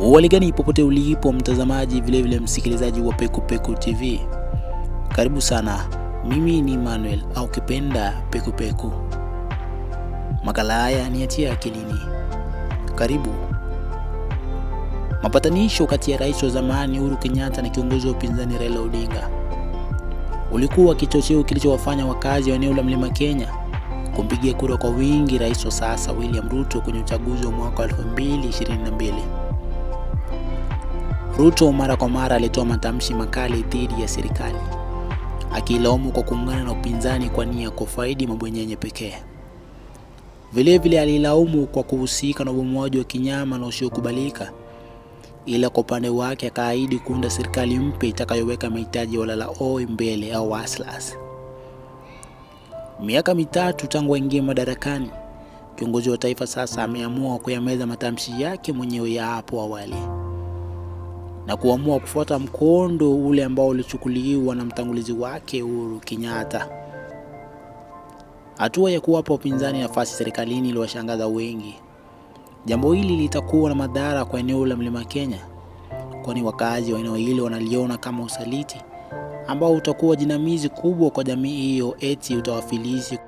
Ualigani popote ulipo mtazamaji, vilevile vile msikilizaji wa Pekupeku TV, karibu sana. Mimi ni Manuel au kipenda Pekupeku. Makala haya ni yatia akilini. Karibu. Mapatanisho kati ya rais wa zamani Uhuru Kenyatta na kiongozi wa upinzani Raila Odinga ulikuwa kichocheo kilichowafanya wakazi wa eneo la Mlima Kenya kumpigia kura kwa wingi rais wa sasa William Ruto kwenye uchaguzi wa mwaka 2022. Ruto mara kwa mara alitoa matamshi makali dhidi ya serikali akilaumu kwa kuungana na upinzani kwa nia ya kufaidi mabwenyenye pekee. Vilevile alilaumu kwa kuhusika na ubomoaji wa kinyama na usiokubalika, ila kwa upande wake akaahidi kuunda serikali mpya itakayoweka mahitaji ya oi mbele au waslas. Miaka mitatu tangu aingie madarakani, kiongozi wa taifa sasa ameamua kuyameza matamshi yake mwenyewe ya hapo awali na kuamua kufuata mkondo ule ambao ulichukuliwa na mtangulizi wake Uhuru Kenyatta. Hatua ya kuwapa upinzani nafasi serikalini iliwashangaza wengi. Jambo hili litakuwa na madhara kwa eneo la Mlima Kenya, kwani wakazi wa eneo hili wanaliona kama usaliti ambao utakuwa jinamizi kubwa kwa jamii hiyo, eti utawafilisi